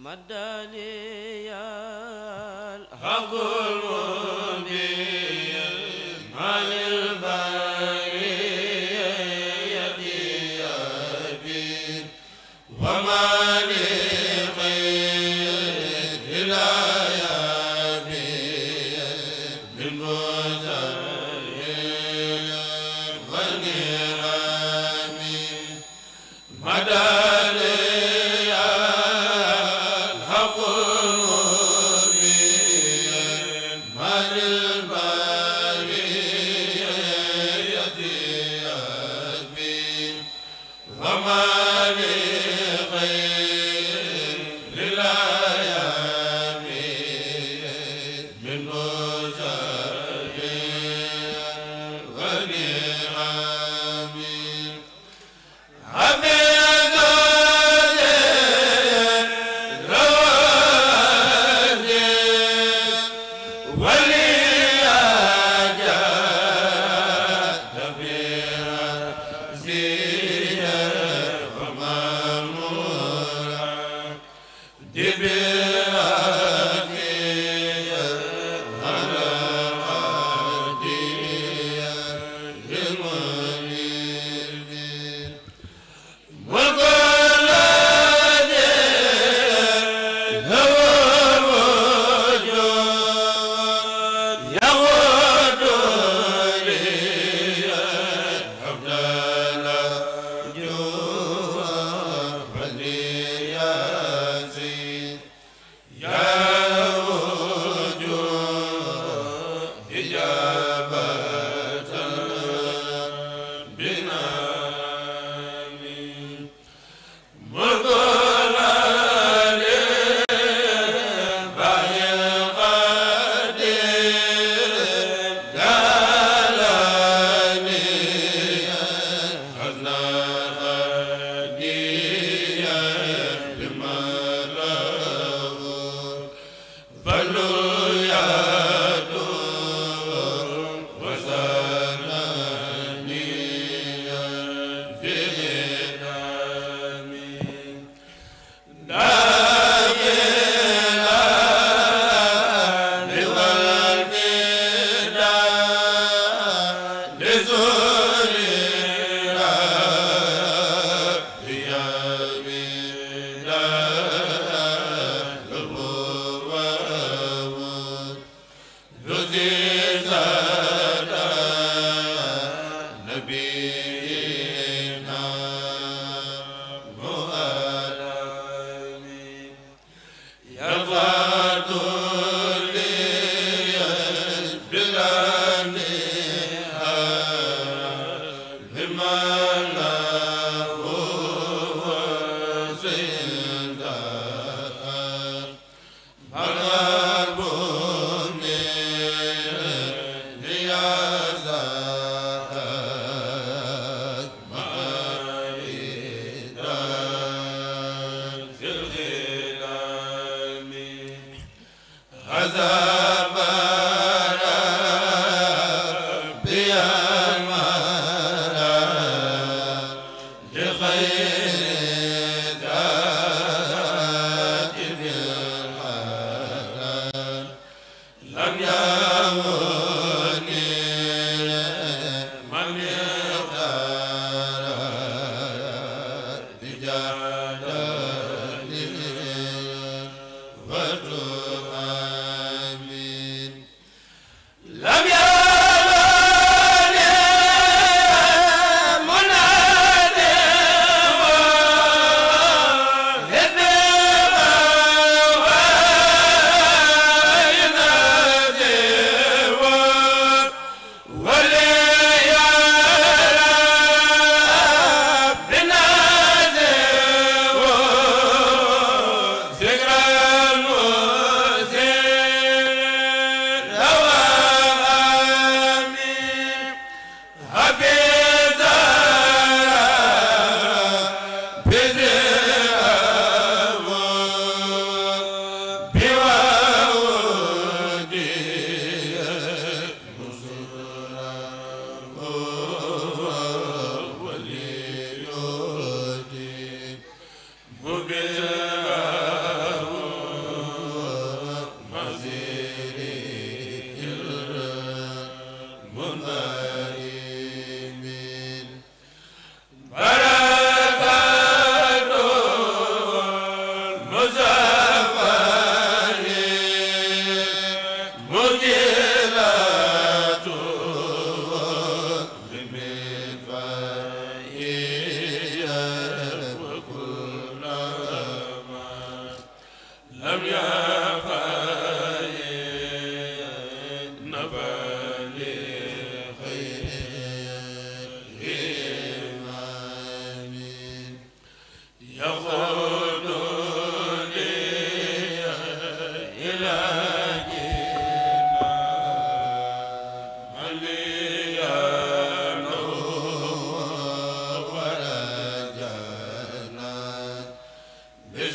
madani ya al da euh,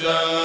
ta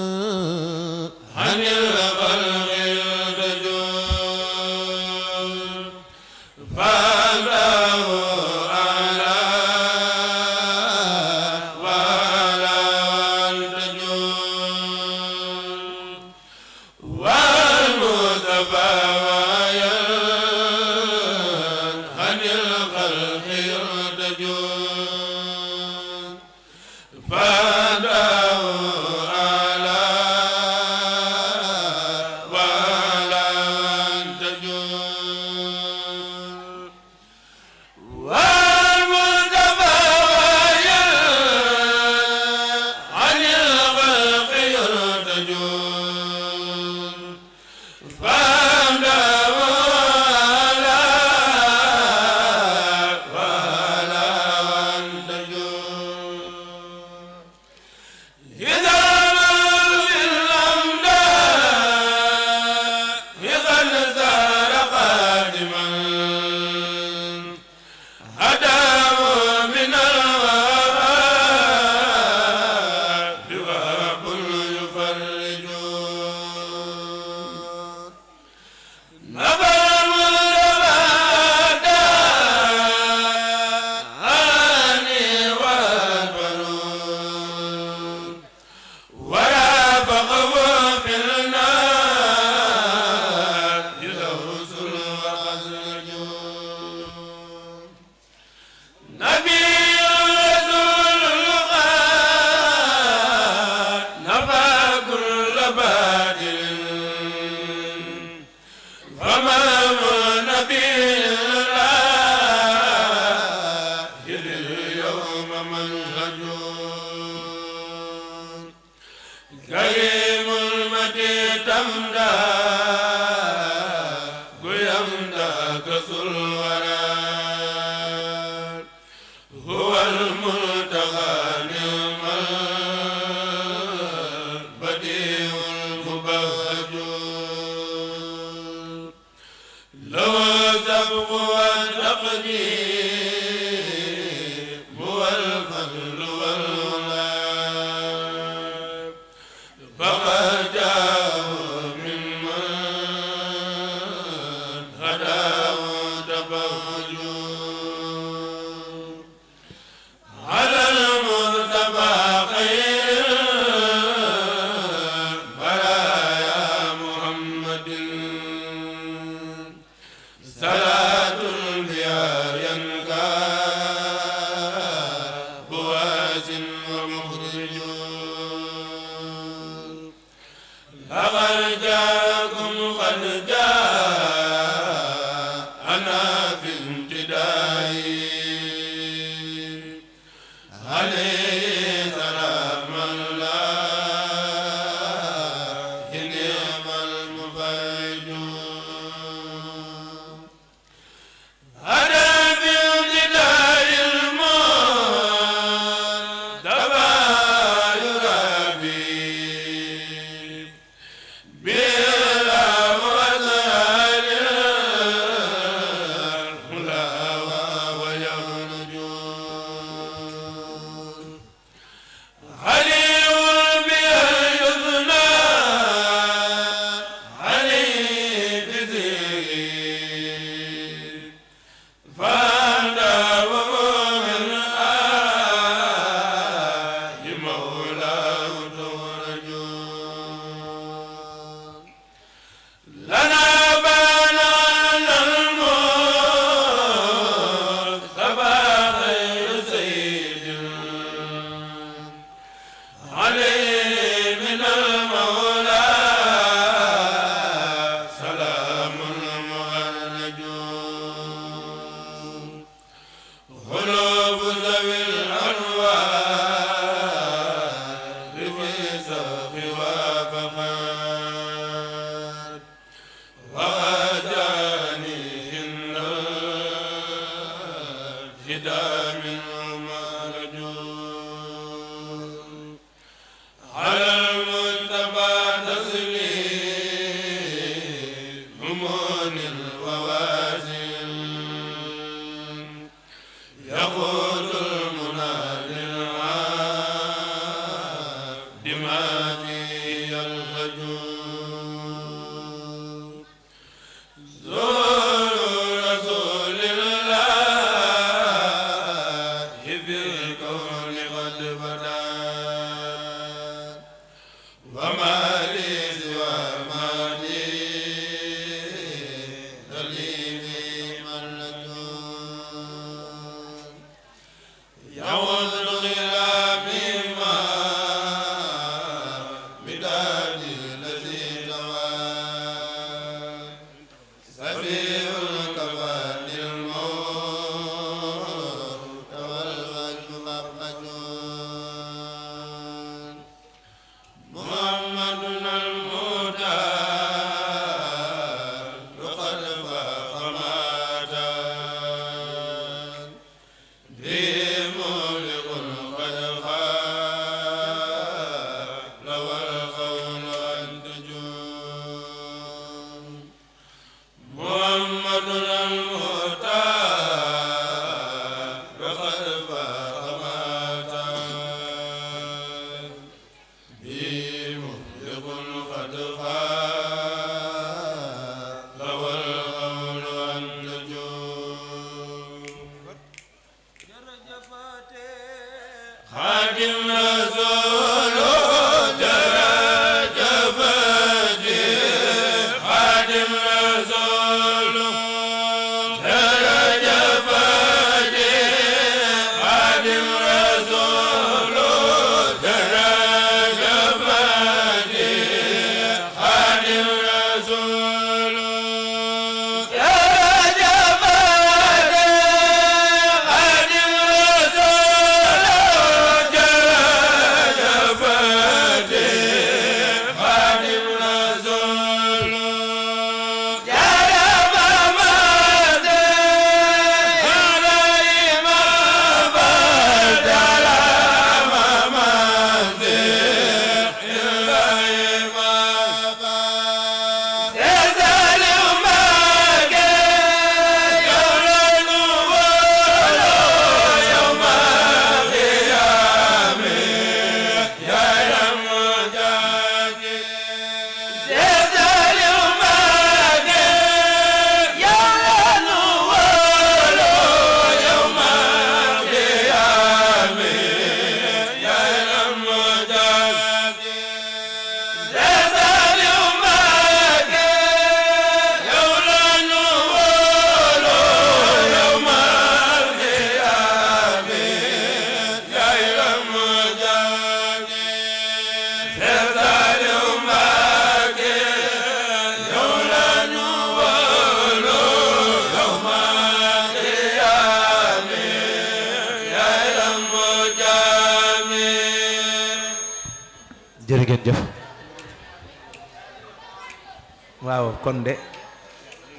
waaw kon de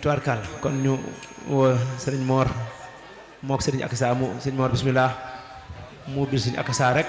tuwarkal kon ñu woo sëriñ moor mook ak akasa mu sëriñ moor bismillah mu bil ak saa rek